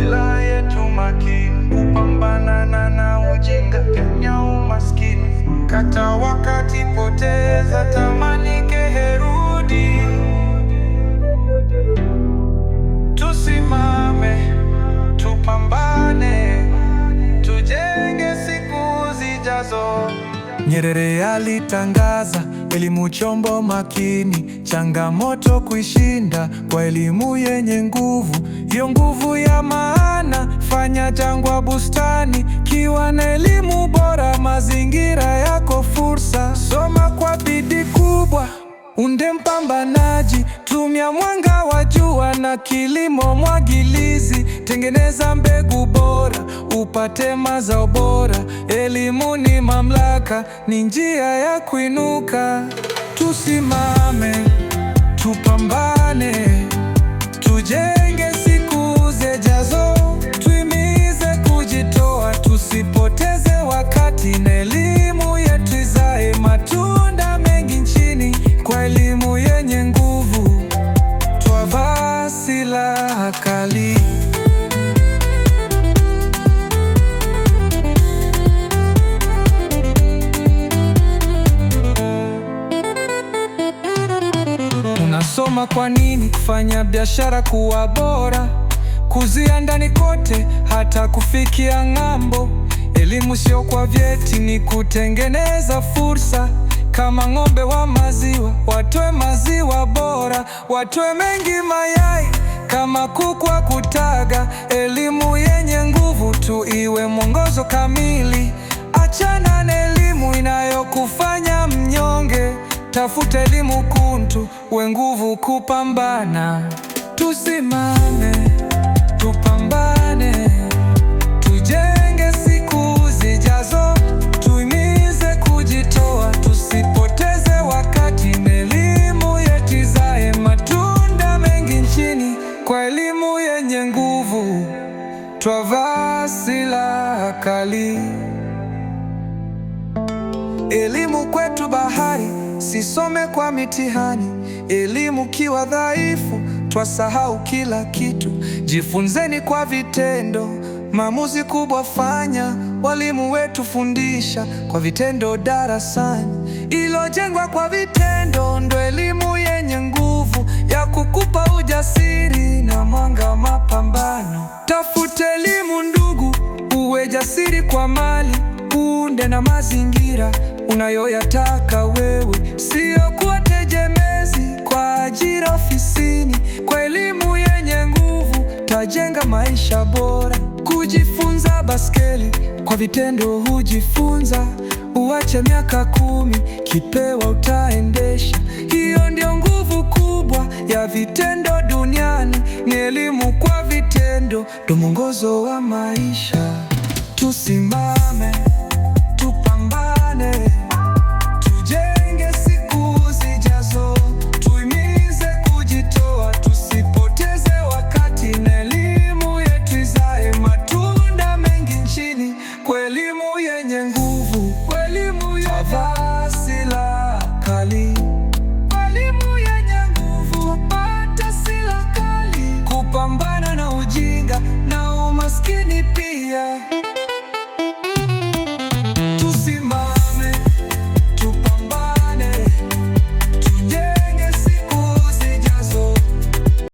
Silaha yetu makini kupambanana na ujinga, kenya umaskini, kata wakati, poteza tamani, keherudi, tusimame, tupambane, tujenge siku zijazo. Nyerere alitangaza elimu chombo makini, changamoto kuishinda kwa elimu yenye nguvu ndio nguvu ya maana, fanya jangwa bustani. Kiwa na elimu bora, mazingira yako fursa. Soma kwa bidii kubwa, unde mpambanaji. Tumia mwanga wa jua na kilimo mwagilizi. Tengeneza mbegu bora, upate mazao bora. Elimu ni mamlaka, ni njia ya kuinuka. Tusimame, tupambane kali. Unasoma kwa nini? Kufanya biashara kuwa bora, kuzia ndani kote, hata kufikia ng'ambo. Elimu sio kwa vyeti, ni kutengeneza fursa kama ng'ombe wa maziwa, watoe maziwa bora, watoe mengi mayai kama wa kutaga, elimu yenye nguvu tu iwe mwongozo kamili. Achana na elimu inayokufanya mnyonge, tafuta elimu kuntu we nguvu kupambana tusima kwa elimu yenye nguvu, twavaa silaha kali. Elimu kwetu bahari, sisome kwa mitihani. Elimu kiwa dhaifu, twasahau kila kitu. Jifunzeni kwa vitendo, maamuzi kubwa fanya. Walimu wetu fundisha kwa vitendo darasani. Ilojengwa kwa vitendo, ndo elimu yenye nguvu ya kukupa ujasiri. na mazingira unayoyataka wewe, sio kuwa tegemezi kwa ajira ofisini. Kwa elimu yenye nguvu tajenga maisha bora. Kujifunza baskeli kwa vitendo, hujifunza uache miaka kumi, kipewa utaendesha. Hiyo ndio nguvu kubwa ya vitendo duniani, ni elimu kwa vitendo, ndo mwongozo wa maisha. Tusimame Yeah. yenye nguvu pata kupambana na ujinga na umaskini pia.